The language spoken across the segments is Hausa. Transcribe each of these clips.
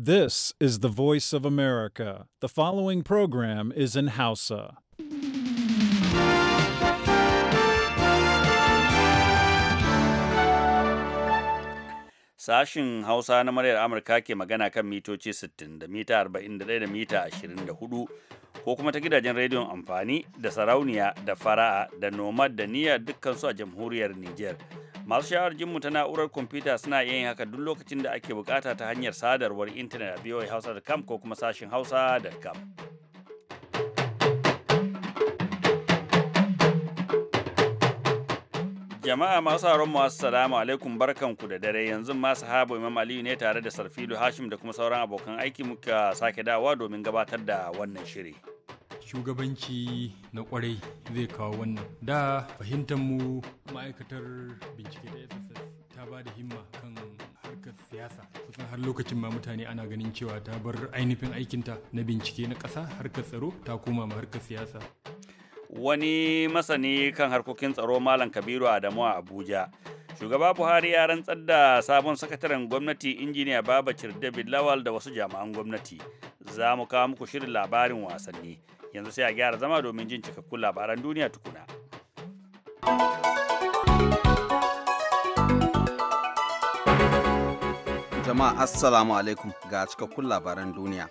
This is the voice of America. The following program is in Hausa. Sashin Hausa na muryar Amurka ke magana kan mitoci 60 da mita 41 da mita 24 ko kuma ta gidajen rediyon amfani da sarauniya da fara'a da nomad da niyyar dukkansu a jamhuriyar Nijar. masu shawar jinmu ta na'urar kwamfuta suna yin haka duk lokacin da ake bukata ta hanyar sadarwar intanet a voahausa.com ko kuma sashin kam jama'a masu sauran mu assalamu alaikum barkanku da dare yanzu ma sahabu imam aliyu ne tare da sarfilu hashim da kuma sauran abokan aiki muka sake dawa domin gabatar da wannan shiri. shugabanci na kwarai zai kawo wannan da fahimtar mu ma'aikatar bincike da sss ta ba da himma kan harkar siyasa kusan har lokacin ma mutane ana ganin cewa ta bar ainihin aikinta na bincike na ƙasa harkar tsaro ta koma ma harkar siyasa wani masani kan harkokin tsaro malam kabiru adamu a abuja shugaba buhari ya rantsar da sabon sakataren gwamnati injiniya babacir david lawal da wasu jami'an gwamnati za mu kawo muku shirin labarin wasanni yanzu sai a gyara zama domin jin cikakkun labaran duniya tukuna. Jama'a Assalamu alaikum ga cikakkun labaran duniya.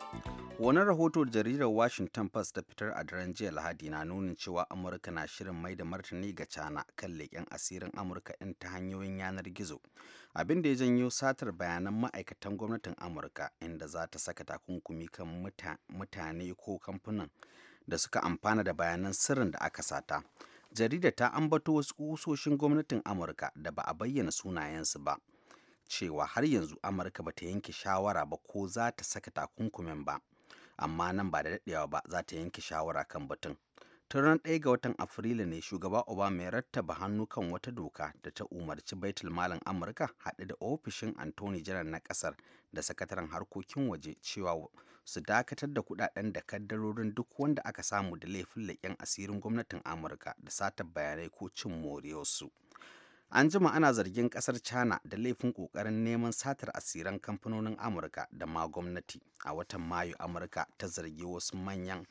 Wani rahoto jaridar Washington Post da fitar a daren jiya Lahadi na nunin cewa Amurka na shirin mai da martani ga China kan leƙen asirin Amurka in ta hanyoyin yanar gizo. Abin da ya janyo satar bayanan ma'aikatan gwamnatin Amurka inda za ta saka takunkumi kan mutane ko kamfanin da suka amfana da bayanan sirrin da aka sata. jarida ta ambato wasu kusoshin gwamnatin Amurka da ba a bayyana sunayensu ba, cewa har yanzu Amurka ba ta yanke shawara ba ko za ta saka takunkumin ba, amma nan ba da daɗewa ba za ta yanke shawara kan batun. tun ran ɗaya ga watan afrilu ne shugaba obama ya rattaba hannu kan wata doka da ta umarci baitul malam amurka haɗe da ofishin antoni jiran na ƙasar da sakataren harkokin waje cewa su dakatar da kudaden da kaddarorin duk wanda aka samu da laifin laƙen asirin gwamnatin amurka da satar bayanai ko cin moriyarsu an jima ana zargin kasar china da laifin kokarin neman satar asiran kamfanonin amurka da ma gwamnati a watan mayu amurka ta zargi wasu manyan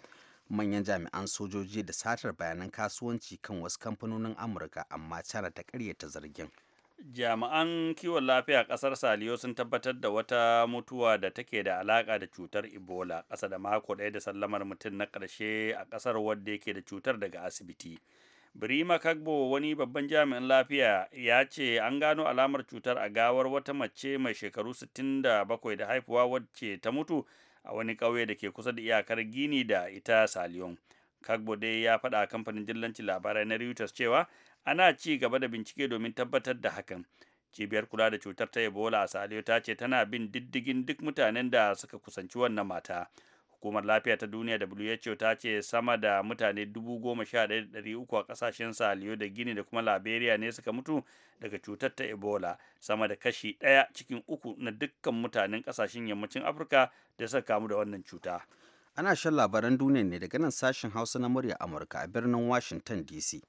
manyan jami'an sojoji da satar bayanan kasuwanci kan wasu kamfanonin amurka amma china ta karyata zargin jami'an kiwon lafiya a ƙasar saliyo sun tabbatar da wata mutuwa da take da alaƙa da cutar ebola ƙasa da mako ɗaya da sallamar mutum na ƙarshe a ƙasar wadda yake da cutar daga asibiti birima kagbo wani babban jami'in lafiya ya ce an gano alamar cutar a gawar wata mace mai shekaru 67 da haifuwa wacce ta mutu a wani ƙauye da ke kusa da iyakar gini da ita saliyon kagbo dai ya faɗa a kamfanin dillancin labarai na reuters cewa ana ci gaba da bincike domin tabbatar da hakan cibiyar kula da cutar ta ebola a saliyo ta ce tana bin diddigin duk mutanen da suka kusanci wannan mata hukumar lafiya ta duniya who ta ce sama da mutane 11,300 a kasashen saliyo da gini da kuma liberia ne suka mutu daga cutar ta ebola sama da kashi ɗaya cikin uku na dukkan mutanen kasashen yammacin afirka da suka kamu da wannan cuta ana shan labaran duniya ne daga nan sashen hausa na murya amurka a birnin washington dc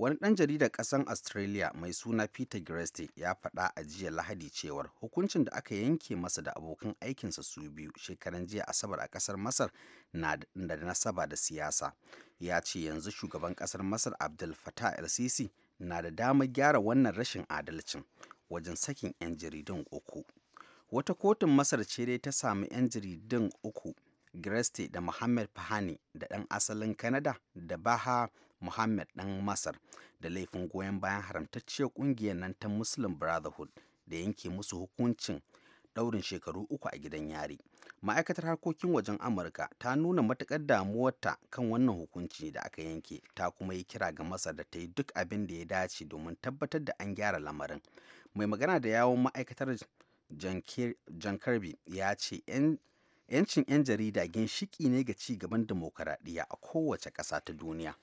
wani ɗan jaridar ƙasan australia mai suna peter greste ya faɗa a jiya lahadi cewar hukuncin da aka yanke masa da abokan aikinsa su biyu shekaran jiya asabar a ƙasar masar na da nasaba da siyasa ya ce yanzu shugaban ƙasar masar abdul fatah el sisi na da damar gyara wannan rashin adalcin wajen sakin 'yan jaridun uku wata kotun masar ce dai ta sami 'yan jaridun uku greste da muhammad fahani da ɗan asalin Kanada da baha Muhammad ɗan Masar da laifin goyon bayan haramtacciyar ƙungiyar nan ta Muslim Brotherhood da yanke musu hukuncin ɗaurin shekaru uku a gidan yari. Ma'aikatar harkokin wajen Amurka ta nuna matuƙar damuwarta kan wannan hukunci da aka yanke, ta kuma yi kira ga Masar da ta yi duk abin da ya dace domin tabbatar da an gyara lamarin. Mai magana da yawon ma'aikatar John Kirby ya ce 'yancin 'yan jarida ginshiƙi ne ga ci gaban dimokuraɗiyya a kowace ƙasa ta duniya.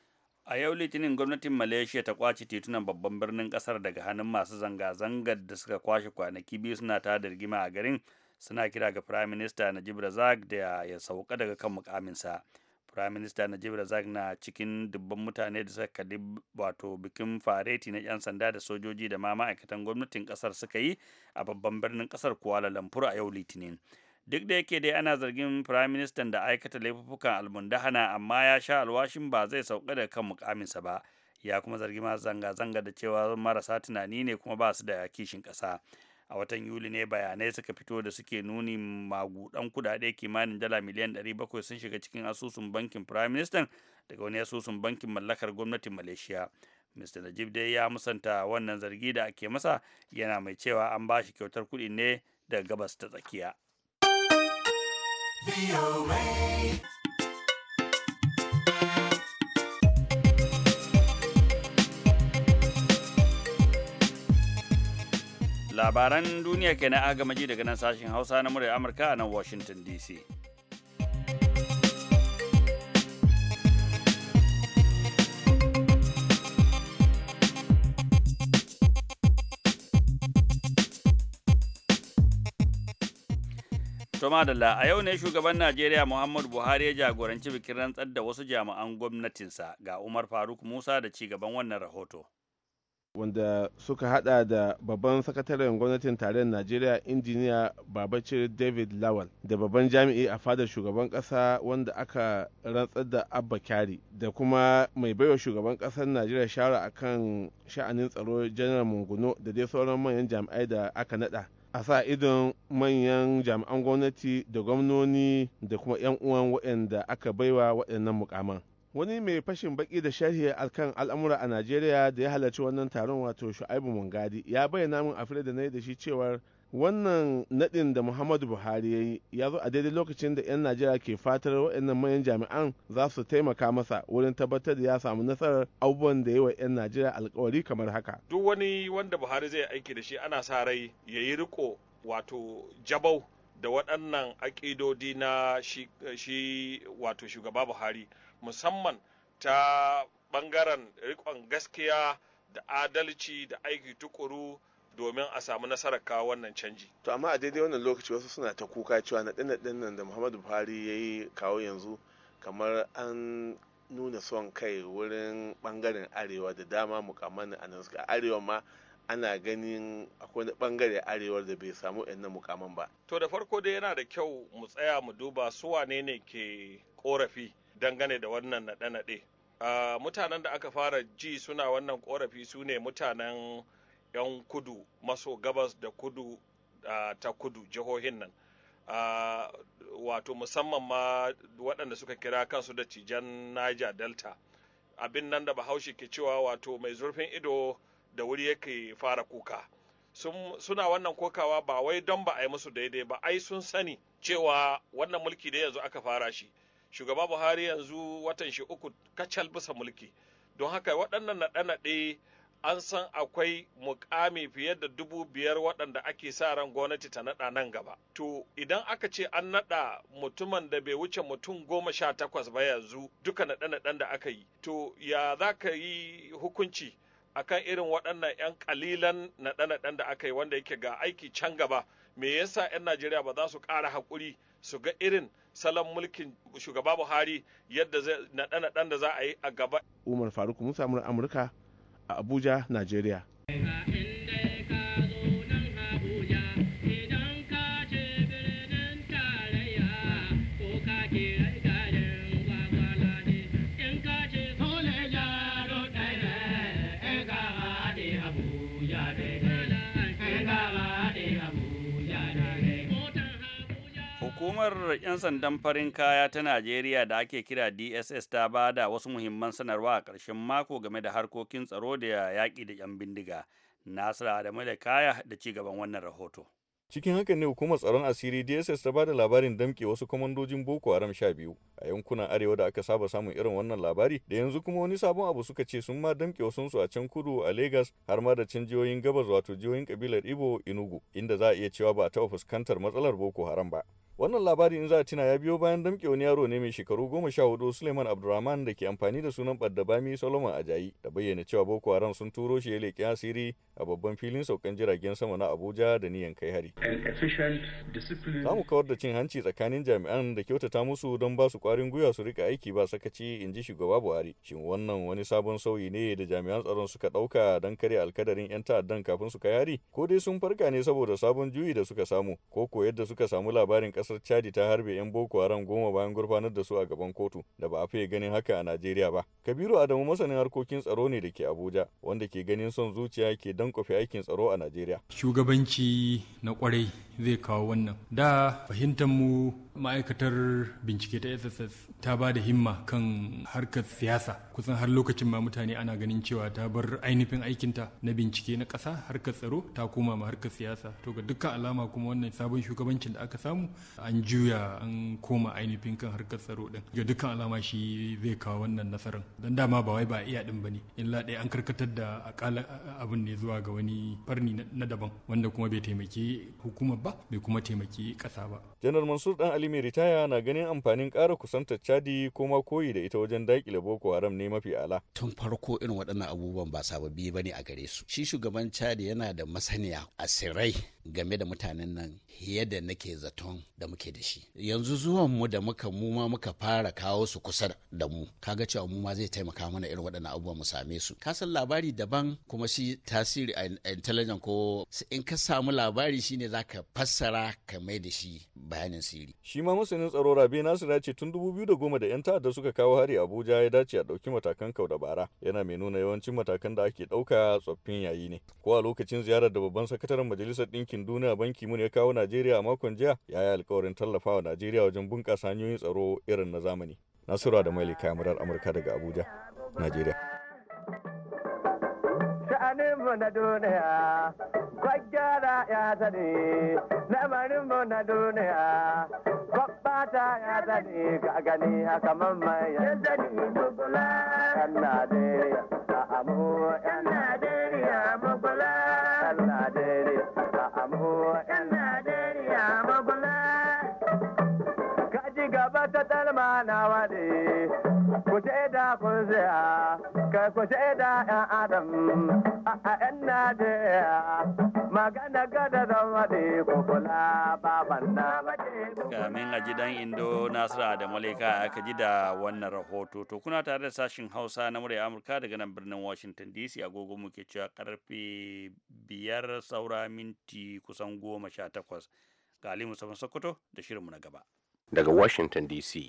a yau litinin gwamnatin malaysia ta kwace titunan babban birnin kasar daga hannun masu zanga-zangar da suka kwashe kwanaki biyu suna ta da rigima a garin suna kira ga prime minister najib razak da ya sauka daga kan mukaminsa prime minister najib razak na cikin dubban mutane da suka kalli wato bikin fareti na yan sanda da sojoji da ma ma'aikatan gwamnatin kasar suka yi a babban birnin kasar kuala lumpur a yau litinin duk da yake dai ana zargin firayim ministan da aikata laifuffukan almundahana amma ya sha alwashin ba zai sauka da kan mukaminsa ba ya kuma zargi masu zanga-zanga da cewa marasa tunani ne kuma ba su da kishin kasa a watan yuli ne bayanai suka fito da suke nuni magudan kudade kimanin dala miliyan 700 sun shiga cikin asusun bankin firayim ministan daga wani asusun bankin mallakar gwamnatin malaysia mr najib dai ya musanta wannan zargi da ake masa yana mai cewa an ba shi kyautar kuɗi ne da gabas ta tsakiya Labaran duniya ke na agamaji daga nan sashen Hausa na muryar Amurka a nan Washington DC. To madalla a yau ne shugaban Najeriya Muhammadu Buhari ya jagoranci bikin rantsar da wasu jami'an gwamnatinsa ga Umar Faruk Musa da ci gaban wannan rahoto. wanda suka hada da babban sakataren gwamnatin tarayyar najeriya injiniya babacir david lawal da babban jami'i a fadar shugaban kasa wanda aka rantsar da abba kyari da kuma mai baiwa shugaban kasar najeriya shawara akan sha'anin tsaro janar munguno da dai sauran manyan jami'ai da aka nada a sa idon manyan jami'an gwamnati da gwamnoni da kuma 'yan uwan waɗanda aka baiwa waɗannan mukaman wani mai fashin baki da sharhi alkan al'amura a najeriya da ya halarci wannan taron wato shu'aibu mungadi ya bayyana min a da na yi da shi cewar wannan nadin da muhammadu buhari ya yi ya zo a daidai lokacin da 'yan najeriya ke fatar waɗannan manyan jami'an za su taimaka masa wurin tabbatar da ya samu nasarar abubuwan da yi wa 'yan najeriya alkawari kamar haka duk wani wanda buhari zai aiki da shi ana sa rai ya yi riko wato jabau da waɗannan aƙidodi na shi, wato shugaba buhari musamman ta ɓangaren riƙon gaskiya da adalci da aiki tukuru domin a samu nasarar kawo wannan canji. To amma a daidai wannan lokaci wasu suna ta kuka cewa naɗe ɗin nan da Muhammadu Buhari ya yi kawo yanzu kamar an nuna son kai wurin ɓangaren arewa da dama mukamman a arewa ma ana ganin akwai wani bangare arewar da bai samu yannan mukamman ba. To da farko dai yana da kyau mu tsaya mu duba su wane ne ke korafi dangane da wannan naɗe-naɗe. Uh, mutanen da aka fara ji suna wannan korafi su ne mutanen 'yan kudu maso gabas da kudu ta kudu jihohin nan wato musamman ma waɗanda suka kira kansu da cijan niger delta abin nan da bahaushe ke cewa wato mai zurfin ido da wuri yake fara kuka suna wannan kokawa ba wai don ba a yi musu daidai ba ai sun sani cewa wannan mulki da yanzu aka fara shi shugaba buhari yanzu watan shi uku kacal bisa mulki don haka waɗannan naɗe-naɗe an san akwai mukami fiye da dubu biyar waɗanda ake sa ran gwamnati ta naɗa nan gaba. To idan aka ce an naɗa mutumin da bai wuce mutum goma sha takwas ba yanzu duka naɗe-naɗen da aka yi. To ya za ka yi hukunci akan irin waɗannan 'yan ƙalilan naɗe-naɗen da aka yi wanda yake ga aiki can gaba. Me yasa 'yan Najeriya ba za su ƙara haƙuri su ga irin salon mulkin shugaba Buhari yadda naɗe-naɗen da za a yi a gaba. Umar Faruk Musa Amurka a Abuja, Najeriya. Hukumar 'yan sandan farin kaya ta Najeriya da ake kira DSS ta ba da wasu muhimman sanarwa a ƙarshen mako game da harkokin tsaro da yaƙi da 'yan bindiga. Nasiru Adamu da kaya da ci gaban wannan rahoto. cikin haka ne hukumar tsaron asiri dss ta ba da labarin damke wasu kwamandojin boko haram sha biyu a yankunan arewa da aka saba samun irin wannan labari da yanzu kuma wani sabon abu suka ce sun ma damke su a can kudu a lagos har ma da can jihohin gabas wato jihohin kabilar ibo inugu inda za a iya cewa ba a taɓa fuskantar matsalar boko haram ba Wannan labari in za a tuna ya biyo bayan damƙe wani yaro ne mai shekaru goma sha hudu Suleiman Abdulrahman da ke amfani da sunan Baddabami Solomon Ajayi da bayyana cewa Boko Haram sun turo shi ya leƙi asiri a babban filin saukan jiragen sama na Abuja da niyan kai hari. Za mu kawar da cin hanci tsakanin jami'an da kyautata musu don ba su ƙwarin gwiwa su rika aiki ba sakaci in ji shugaba Buhari. Shin wannan wani sabon sauyi ne da jami'an tsaron suka ɗauka don kare alkadarin 'yan ta'addan kafin su kai hari? Ko dai sun farka ne saboda sabon juyi da suka samu ko ko yadda suka samu labarin ƙasa kasar Chadi ta harbe 'yan Boko Haram goma bayan gurfanar da su a gaban kotu da ba a fiye ganin haka a Najeriya ba. Kabiru Adamu masanin harkokin tsaro ne da ke Abuja wanda ke ganin son zuciya ke dankofe aikin tsaro a Najeriya. Shugabanci na kwarai zai kawo wannan. Da fahimtar mu ma'aikatar bincike ta sss ta ba da himma kan harkar siyasa kusan har lokacin ma mutane ana ganin cewa ta bar ainihin aikinta na bincike na ƙasa harkar tsaro ta koma ma harkar siyasa to ga dukkan alama kuma wannan sabon shugabancin da aka samu an juya an koma ainihin kan harkar tsaro din ga dukkan alama shi zai kawo wannan nasarar dan dama ba wai ba iya din bane illa dai an karkatar da akala abun ne zuwa ga wani farni na daban wanda kuma bai taimaki hukumar ba bai kuma taimaki ƙasa ba janar mansur dan ali Alkali mai ritaya na ganin amfanin ƙara kusantar Chadi ko ma koyi da ita wajen daƙile Boko Haram ne mafi ala. Tun farko irin waɗannan abubuwan ba sababbi ba ne a gare su. Shi shugaban Chadi yana da masaniya a sirrai game da mutanen nan yadda nake zaton da muke da shi. Yanzu zuwan mu da muka mu ma muka fara kawo su kusa da mu. Kaga cewa mu ma zai taimaka mana irin waɗannan abubuwan mu same su. Ka san labari daban kuma shi tasiri a intelligence ko in ka samu labari shine zaka fassara ka mai da shi bayanin sirri. Shi ma masanin tsaro Rabe Nasir ya ce tun dubu 2010 da goma da 'yan ta'adda suka kawo hari Abuja ya dace a ɗauki matakan kau da bara. Yana mai nuna yawancin matakan da ake ɗauka tsoffin yayi ne. Ko a lokacin ziyarar da babban sakataren Majalisar Ɗinkin Duniya Banki Mun ya kawo Najeriya a makon jiya ya yi alkawarin tallafawa Najeriya wajen bunƙasa hanyoyin tsaro irin na zamani. nasiru da Maili kamarar Amurka daga Abuja, Najeriya. lamarinmu na duniya kwaggara ya zane lamarinmu na duniya kwabbata ya zane ka gani haka mamma ya zane mugula yan najeriya a amu yan ya mugula yan najeriya a amu yan najeriya mugula ka ji gaba ta dalma na wade ku da kun zaya ka ku da ‘yan adam a ‘yan indo magana gada da da kukula baban na a gidan Indo Nasiru aka ji da wannan rahoto. To kuna tare da sashin Hausa na murya Amurka daga nan birnin Washington DC agogo muke cewa karfe biyar saura minti kusan goma sha takwas. Ga Ali Musamman Sokoto da shirinmu na gaba. Daga Washington DC.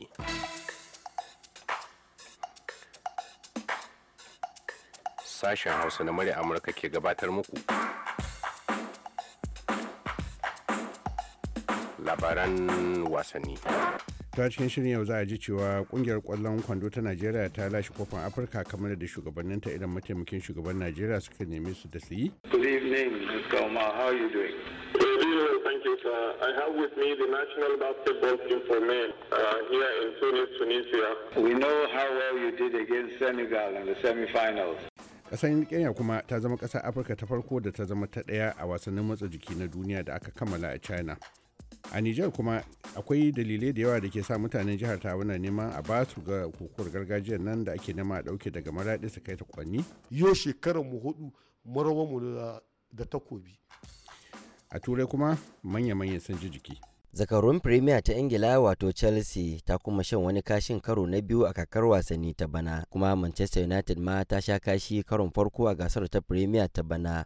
sashen hausa na murya amurka ke gabatar muku labaran wasanni ta cikin shirin yau za a ji cewa kungiyar kwallon kwando ta najeriya ta lashe kofin afirka kamar da shugabanninta idan mataimakin shugaban najeriya suka nemi su da su yi uh, here in Tunis, Tunisia. We know how well you did against Senegal in the semi-finals. ƙasar kenya kuma ta zama ƙasar afirka ta farko da ta zama ta ɗaya a wasannin matsa jiki na duniya da aka kammala a china a niger kuma akwai dalilai da yawa da ke sa mutanen jihar ta wuna nema a basu ga kokowar gargajiyar nan da ake nema a ɗauke daga maraɗi su kai ta kwanni yau shekarar mu hudu marawa mu da takobi a turai kuma manya-manyan sun ji jiki zakarun premier ta ingila wato chelsea ta kuma shan wani kashin karo na biyu a kakar wasanni ta bana kuma manchester united ma ta sha kashi karon farko a gasar ta premier ta bana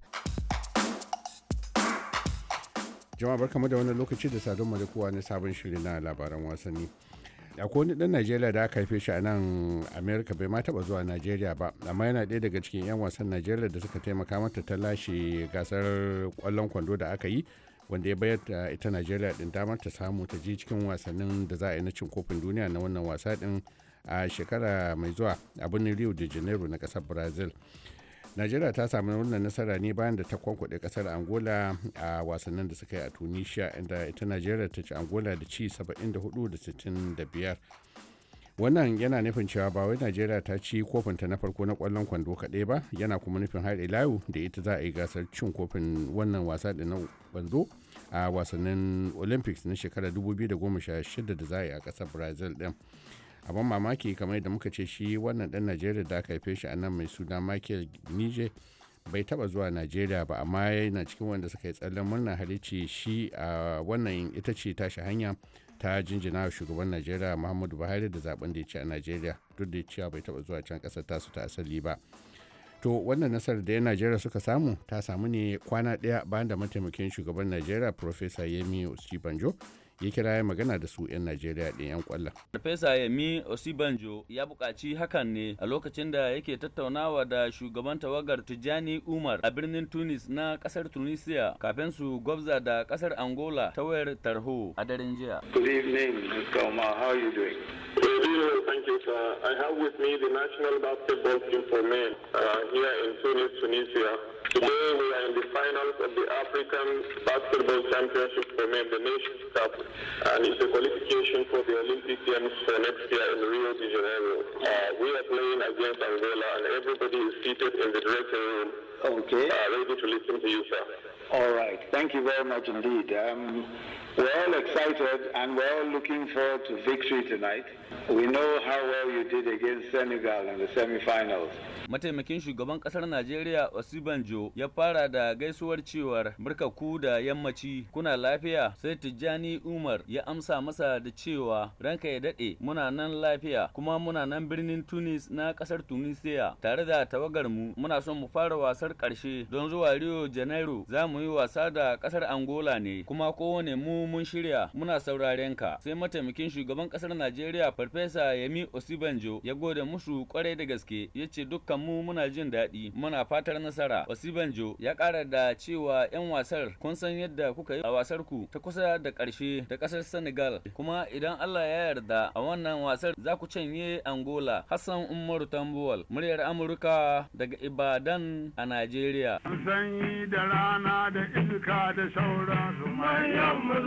jama'a barkamu da wani lokaci da sadon kowa na sabon shirin na labaran wasanni akwai wani dan najeriya da aka haife shi a nan america bai ma taba zuwa najeriya ba amma yana ɗaya daga cikin 'yan wasan najeriya da suka taimaka mata ta lashe gasar kwallon kwando da aka yi wanda ya bayar da ita najeriya din damar ta samu ta je cikin wasannin da za a yi na cin kofin duniya na wannan wasa din a shekara mai zuwa a birnin rio de janeiro na kasar brazil najeriya ta samu wannan nasara ne bayan da ta kwankwaɗe kasar angola a wasannin da suka yi a tunisia inda ita najeriya ta ci angola da ci 74 da 65 wannan yana nufin cewa ba wai najeriya ta ci ta na farko na kwallon kwando kaɗai ba yana kuma nufin har layu da ita za a yi gasar cin kofin wannan wasa da na kwando a wasannin olympics na shekarar 2016 da za a yi a kasar brazil din abin mamaki kamar da muka ce shi wannan dan najeriya da aka haife shi a nan mai suna michael nije bai taba zuwa najeriya ba amma yana cikin wanda suka yi tsallen murna halici shi a wannan ita ce tashi hanya ta jinjina shugaban najeriya muhammadu buhari da zaben da ya ci a najeriya duk da cewa bai taba zuwa can kasar tasu ta asali ba to wannan nasarar da 'yan najeriya suka samu ta samu ne kwana daya bayan da mataimakin shugaban najeriya Profesa yemi osibanjo ya kira ya magana da su 'yan najeriya din 'yan kwallon. Profesa yemi osibanjo ya buƙaci hakan ne a lokacin da yake tattaunawa da shugaban tawagar tijjani umar a birnin tunis na ƙasar tunisia kafin su gwabza da ƙasar angola ta wayar tarho a daren jiya. good evening how you doing? thank you, sir. I have with me the national basketball team for men uh, here in Tunis, Tunisia. Today we are in the finals of the African Basketball Championship for men, the Nations Cup, and it's a qualification for the Olympic Games for next year in Rio de Janeiro. Uh, we are playing against Angola, and everybody is seated in the dressing room. Okay. Uh, ready to listen to you, sir. All right. Thank you very much indeed. Um, We're all excited and we're all looking forward to victory tonight. We know how well you did against Senegal in the semifinals. Mataimakin shugaban kasar Najeriya Osibanjo ya fara da gaisuwar cewar murka ku da yammaci kuna lafiya sai Tijjani Umar ya amsa masa da cewa ranka ya daɗe muna nan lafiya kuma muna nan birnin Tunis na kasar Tunisia tare da tawagar mu muna son mu fara wasar ƙarshe don zuwa Rio Janeiro za mu yi wasa da kasar Angola ne kuma kowane mu mun shirya muna sauraren ka sai mataimakin shugaban kasar Najeriya Farfesa Yemi Osibanjo ya gode musu kwarai da gaske ya ce dukkan mu muna jin daɗi muna fatar nasara Osibanjo ya ƙara da cewa 'yan wasar kun san yadda kuka yi a wasar ku ta kusa da ƙarshe da ƙasar Senegal kuma idan Allah ya yarda a wannan wasar za ku canye Angola Hassan Umaru Tambuwal muryar Amurka daga Ibadan a Najeriya. Sanyi da rana da iska da sauransu manyan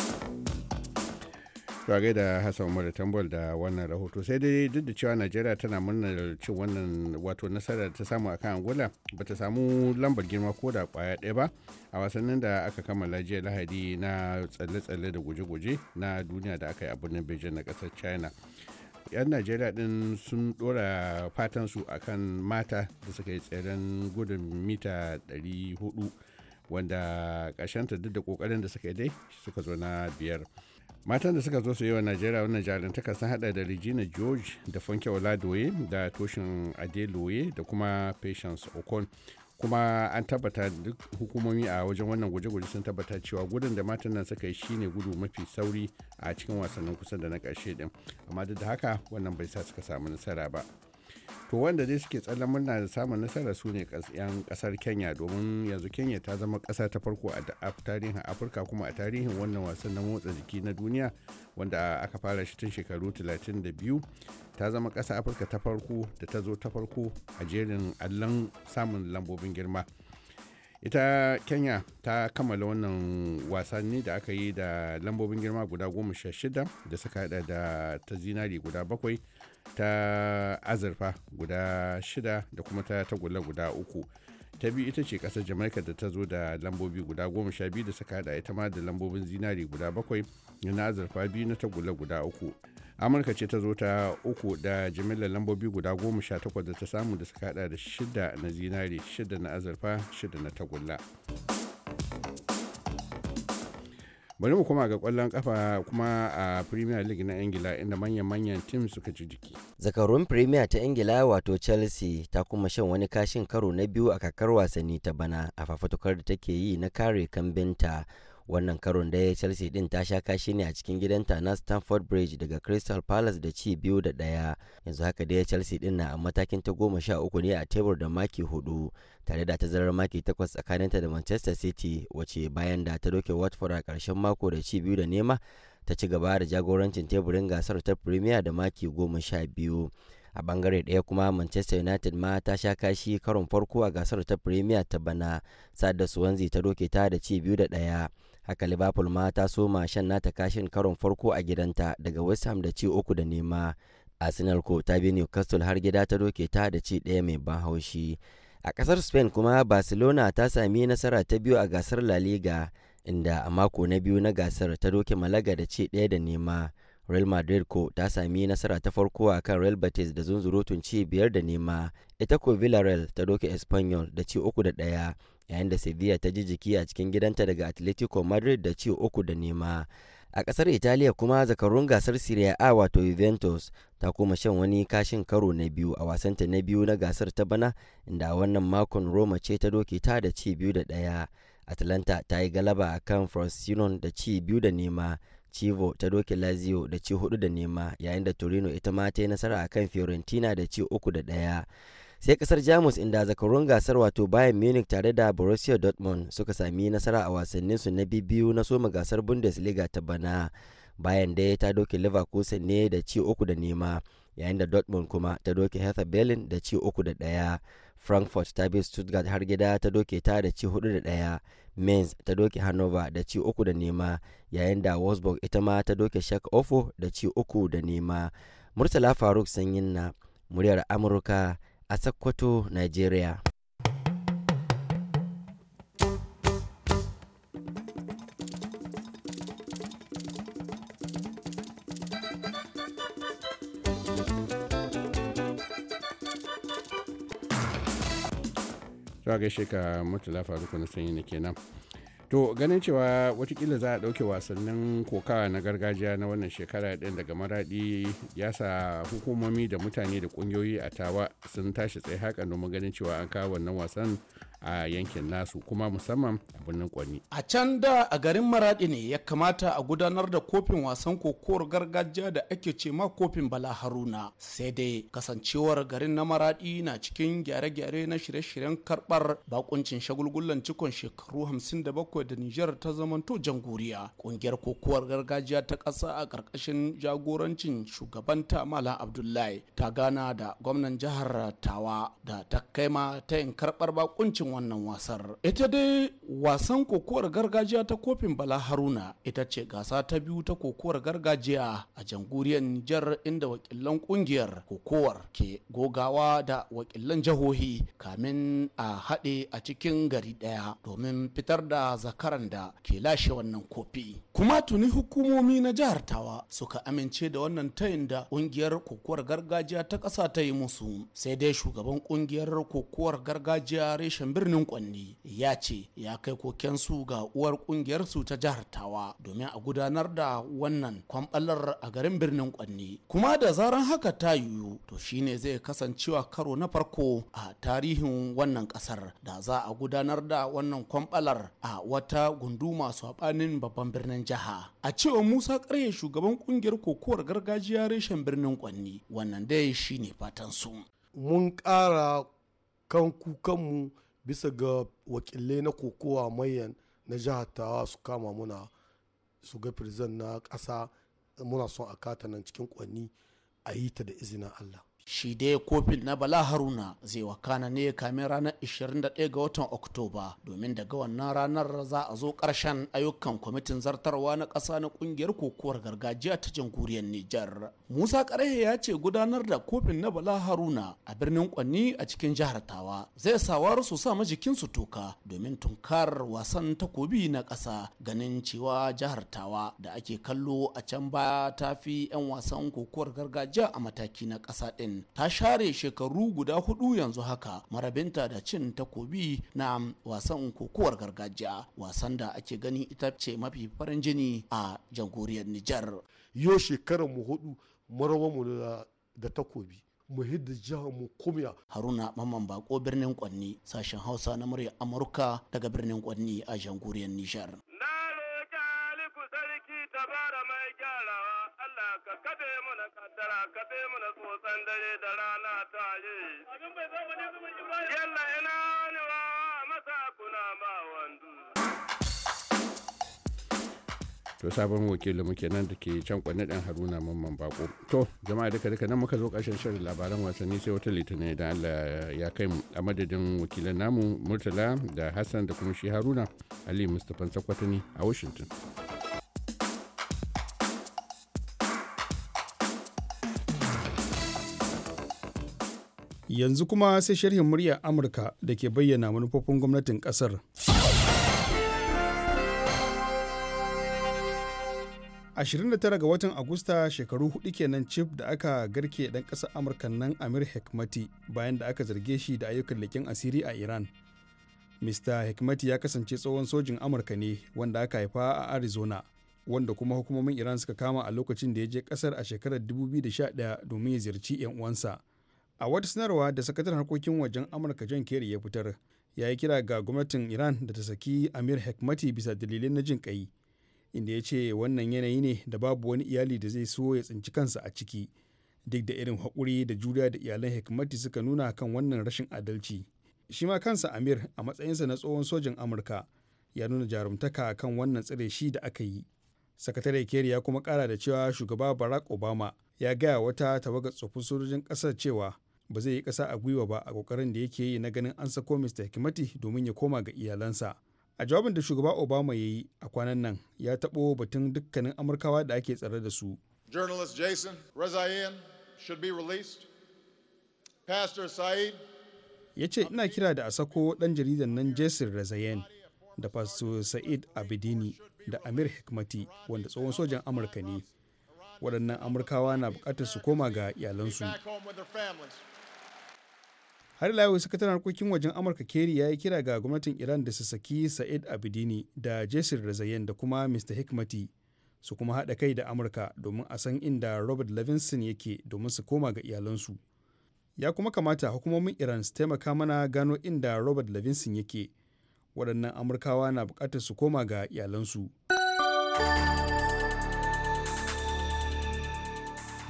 to a gaida hassan umar da tambol da wannan rahoto sai dai duk da cewa najeriya tana murnar cin wannan wato nasarar da ta samu a kan angola ba ta samu lambar girma ko da kwaya ɗaya ba a wasannin da aka kammala jiya lahadi na tsalle-tsalle da guje-guje na duniya da aka yi a birnin beijing na kasar china 'yan najeriya din sun dora su akan mata da suka yi tseren gudun mita 400 wanda ƙarshenta duk da ƙoƙarin da suka yi dai suka zo na biyar matan da suka zo su yi wa najeriya wannan jarumtaka sun hada da regina george da funke oladoye da toshin adeloye da kuma patience okon kuma an tabbata duk hukumomi a wajen wannan guje gwaje sun tabbata cewa gudun da matan nan suka yi shine gudu mafi sauri a cikin wasannin kusa da na karshe din amma duk da haka wannan bai sa suka samu nasara ba to wanda dai suke tsallan murna da samun nasara su ne yan kasar kenya domin yanzu kenya ta zama kasa ta farko a tarihin afirka kuma a tarihin wannan wasan na motsa jiki na duniya wanda aka fara shi tun shekaru 32 ta zama kasa afirka ta farko da ta zo ta farko a jerin allon samun lambobin girma ita kenya ta kammala wannan wasanni da aka yi da lambobin girma guda goma sha shida da suka hada da ta zinari guda bakwai ta azurfa guda shida da kuma ta tagulla guda uku ta biyu ita ce kasar jamaica da ta zo da lambobi guda goma sha biyu da suka hada ita ma da lambobin zinari guda bakwai na azurfa biyu na tagulla guda uku amurka ce ta zo ta uku da jimillar lambobi guda goma sha takwas da ta samu da suka hada da shida na zinari shida na azurfa shida na tagulla. bari mu kuma ga kwallon kafa kuma a premier league na ingila inda manyan-manyan tim suka ci jiki zakarun premier ta ingila wato chelsea ta kuma shan wani kashin karo na biyu a kakar wasanni ta bana a fafatukar da take yi na kare kambinta wannan karon da chelsea din ta sha kashi ne a cikin gidanta na stanford bridge daga crystal palace da ci biyu da daya yanzu haka da chelsea din na a matakin ta goma sha uku ne a tebur da maki hudu tare da tazarar maki takwas tsakaninta da manchester city wace bayan da ta doke watford a karshen mako da ci biyu da nema ta ci gaba da jagorancin teburin gasar ta premier da maki goma sha biyu a bangare daya kuma manchester united ma ta sha kashi karon farko a gasar ta premier ta bana sa da swansea ta doke ta da ci biyu da daya. haka liverpool ma ta soma shan nata kashin karon farko a gidanta daga west ham da ci uku da nema arsenal ko ta bi newcastle har gida ta doke ta da ci ɗaya mai ban haushi a kasar spain kuma barcelona ta sami nasara ta biyu a gasar la liga inda a mako na biyu na gasar ta doke malaga da ci ɗaya da nema real madrid ko ta sami nasara ta farko a kan real betis da zunzurutun ci biyar da nema ita ko villarreal ta doke espanyol da ci uku da daya yayin da sevilla ta ji jiki a cikin gidanta daga atletico madrid da ci uku da nema a kasar italiya kuma zakarun gasar serie a wato juventus ta kuma shan wani kashin karo na biyu a wasanta na biyu na gasar ta bana inda wannan makon roma ce ta doke ta da ci biyu da daya atlanta ta yi galaba a kan da ci biyu da nema Chivo ta doke Lazio da ci hudu da nema yayin da Torino ita ma ta yi nasara a kan Fiorentina da ci uku da ɗaya. Sai kasar Jamus inda zakarun gasar wato Bayern Munich tare da Borussia Dortmund suka sami nasara a wasannin su na biyu na soma gasar Bundesliga ta bana. Bayan da ta doke Leverkusen ne da ci uku da nema yayin da Dortmund kuma ta doke Hertha Berlin da ci uku da ɗaya. Frankfurt ta bi Stuttgart har gida ta doke ta da ci hudu da ɗaya. mainz ta doke hannover da ci uku da nema yayin da wolfsburg ita ma ta doke shak ofo da ci uku da nema murtala faruk sanyin na muryar amurka a sakkwato nigeria to gaishe ka mutala faruku na sanyi ne kenan to ganin cewa watakila za a ɗauke wasannin koka na gargajiya na wannan shekara ɗin daga maraɗi ya sa hukumomi da mutane da ƙungiyoyi a tawa sun tashi tsaye haka domin ganin cewa an kawo wannan wasan a yankin nasu kuma musamman a birnin kwani a can da a garin maradi ne ya kamata a gudanar da kofin wasan kokowar gargajiya da ake ce ma kofin bala haruna sai dai kasancewar garin na maradi na cikin gyare-gyare na shirye-shiryen karbar bakuncin shagulgullan cikon shekaru 57 da nijar ta zamanto janguriya kungiyar kokowar gargajiya ta ƙasa a ƙarƙashin jagorancin shugabanta malam abdullahi ta gana da gwamnan jihar tawa da ta kai ta yin karɓar bakuncin wannan wasar ita dai wasan kokowar gargajiya ta kofin bala haruna ita ce gasa ta biyu ta kokowar gargajiya a jamhuriyar nijar inda wakilan kungiyar kokowar ke gogawa da wakilan jahohi kamin a haɗe a cikin gari ɗaya domin fitar da zakaran da ke lashe wannan kofi kuma tuni hukumomi na jihar tawa suka amince da wannan tayin da kungiyar kokowar gargajiya ta ƙasa ta yi musu sai dai shugaban kungiyar kokowar gargajiya reshen birnin Kwanni ya ce ya kai kokensu ga uwar su ta jihar Tawa domin a gudanar da wannan kwamɓalar a garin birnin Kwanni. Kuma da zaran haka ta yiwu to shine zai kasancewa karo na farko a tarihin wannan kasar da za a gudanar da wannan kwamɓalar a wata gunduma saɓanin babban birnin jiha. A cewa Musa Karye shugaban ƙungiyar kokowar gargajiya reshen birnin Kwanni wannan dai shine fatan su. Mun ƙara kan kukanmu bisa ga wakilai na kokowa mayan na jihar tawa su kama muna su ga firzan na ƙasa muna son a kata nan cikin kwanni a yi ta da izinin allah shi dai kofin na bala haruna zai wakana ne kamin ranar 21 ga watan oktoba domin daga wannan ranar za a zo ƙarshen ayyukan kwamitin zartarwa na ƙasa na ƙungiyar kokowar gargajiya ta jamhuriyar nijar musa karehe ya ce gudanar da kofin na bala haruna a birnin kwanni a cikin jihar tawa zai sawar su sa majikinsu toka domin tunkar wasan takobi na ƙasa ganin cewa jihar tawa da ake kallo a can baya ta fi 'yan wasan kokowar gargajiya a mataki na ƙasa ɗin ta share shekaru guda hudu yanzu haka marabinta da cin takobi na wasan kokowar gargajiya wasan da ake gani ita ce mafi farin jini a jamhuriyar Nijar. Yau shekarar mu hudu mu da takobi. mu hidda jihar mu kumya. Haruna Mamman Bako birnin Kwanni sashen Hausa na murya Amurka daga birnin Kwanni a jamhuriyar Nijar. Na roƙi Sarki fara mai gyarawa. Allah ka kabe mana kaddara kabe mana tsotsan dare da rana tare yalla ina ni wa masa kuna ma wandu to sabon wakilin muke nan da ke can kwanne dan haruna mamman bako to jama'a duka duka nan muka zo ƙarshen shirin labaran wasanni sai wata litinin da allah ya kai mu a madadin wakilan namu murtala da hassan da kuma shi haruna ali mustapha sakwatani a washington Yanzu kuma sai sharhin muryar Amurka da ke bayyana manufofin gwamnatin kasar. ashirin da tara ga watan agusta shekaru hudu kenan cif da aka garke dan ƙasar amurka nan amir hekmati bayan da aka zarge shi da ayyukan leƙen asiri a iran mista hekmati ya kasance tsohon sojin amurka ne wanda aka haifa a arizona wanda kuma hukumomin iran suka kama a lokacin da ya je kasar a shekarar 2011 domin ya ziyarci 'yan uwansa a wata sanarwa da sakataren harkokin wajen amurka john kerry ya fitar ya yi kira ga gwamnatin iran da ta saki amir hekmati bisa dalilin na jin kai inda ya ce wannan yanayi ne da babu wani iyali da zai so ya tsinci kansa a ciki duk da irin haƙuri da juriya da iyalan hekmati suka nuna kan wannan rashin adalci shi ma kansa amir a matsayinsa na tsohon sojin amurka ya nuna jarumtaka kan wannan tsire shi da aka yi sakatare kerry ya kuma kara da cewa shugaba barack obama ya gaya wata tawagar tsoffin sojojin ƙasar cewa ba zai yi ƙasa a gwiwa ba a ƙoƙarin da yake yi na ganin an sako Mr. Hikimati domin ya koma ga iyalansa. A jawabin da shugaba Obama ya yi a kwanan nan ya taɓo batun dukkanin Amurkawa da ake tsare da su. Journalist Jason Rezaian should be released. Pastor Said ya ce ina kira da a sako ɗan jaridan nan Jason Rezaian da Pastor Said Abidini da Amir Hikmati wanda tsohon sojan Amurka ne. Waɗannan Amurkawa na buƙatar su koma ga iyalansu. har ila sakataren harkokin wajen amurka kerry ya yi kira ga gwamnatin iran da su saki sa'id abidini da jesir razayen da kuma mr hikmati su kuma haɗa kai da amurka domin a san inda robert levinson yake domin su koma ga iyalansu ya kuma kamata hukumomin iran su taimaka mana gano inda robert levinson yake waɗannan amurkawa na buƙatar su koma ga iyalansu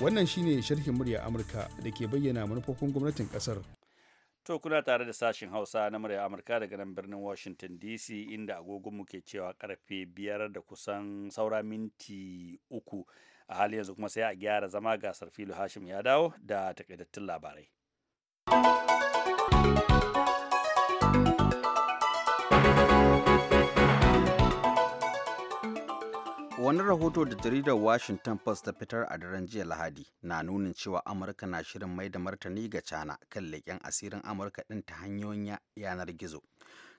wannan shine sharhin murya amurka da ke bayyana manufofin gwamnatin ƙasar To kuna tare da sashin Hausa na murya Amurka daga nan birnin Washington DC inda mu ke cewa karfe biyar da kusan saura minti uku a hali yanzu kuma sai a gyara zama gasar filo Hashim ya dawo da takaitattun labarai. wani rahoto da jaridar washington post ta fitar a daren jiya lahadi na nunin cewa amurka na shirin mai da martani ga cana kan leƙen asirin amurka ɗin ta hanyoyin yanar gizo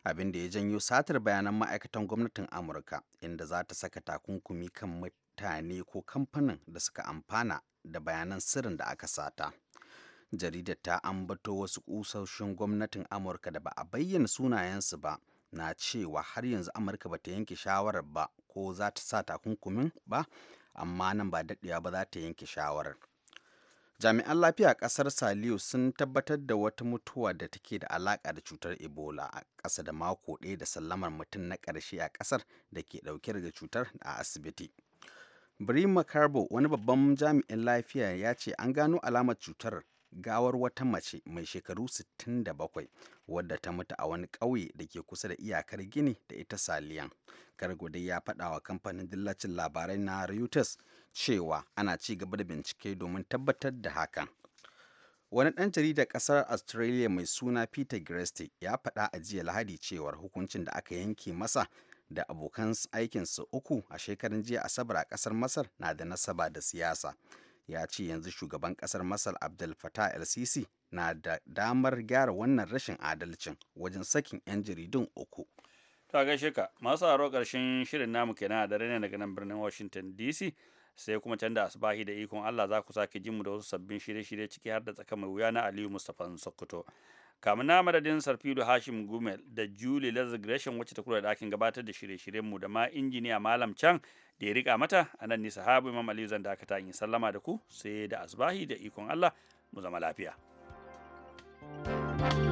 abin da ya janyo satar bayanan ma'aikatan gwamnatin amurka inda za ta saka takunkumi kan mutane ko kamfanin da suka amfana da bayanan sirrin da aka sata jaridar ta ambato wasu kusoshin gwamnatin amurka da ba a bayyana sunayensu ba na cewa har yanzu amurka ba ta yanke shawarar ba ko za ta sa takunkumin ba amma nan ba daɗewa ba za ta yanke shawarar jami'an lafiya a ƙasar saliyo sun tabbatar da wata mutuwa da take da alaƙa da cutar ebola a ƙasa da mako ɗaya da sallamar mutum na ƙarshe a ƙasar da ke ɗauke daga cutar a asibiti brima carbo wani babban jami'in lafiya ya ce an gano alamar cutar gawar wata mace mai shekaru 67 wadda ta mutu a wani ƙauye da ke kusa da iyakar gini da ita saliyan kargode ya faɗa wa kamfanin dillacin labarai na reuters cewa ana ci gaba da bincike domin tabbatar da hakan wani ɗan jaridar ƙasar australia mai suna peter gresty ya faɗa a jiya lahadi cewa hukuncin da aka yanke masa da abokan aikinsa uku a shekarun jiya asabar a ƙasar masar na da nasaba da siyasa ya ce yanzu shugaban kasar masar abdul fattah el sisi na da damar gyara wannan rashin adalcin wajen sakin 'yan jaridun uku ta gaishe ka masu haro karshen shirin namu kenan a dare ne daga nan birnin washington dc sai kuma can da asbahi da ikon allah za ku sake jin mu da wasu sabbin shirye-shirye ciki har da tsaka mai wuya na aliyu mustapha sokoto kamun na madadin sarfido hashim gumel da julie lazar gresham wacce ta kula da ɗakin gabatar da shirye-shiryen mu da ma injiniya malam can da ya riƙa mata a nan ne sahabu imam aliyu zan dakata in yi sallama da ku sai da asbahi da ikon allah mu zama lafiya thank you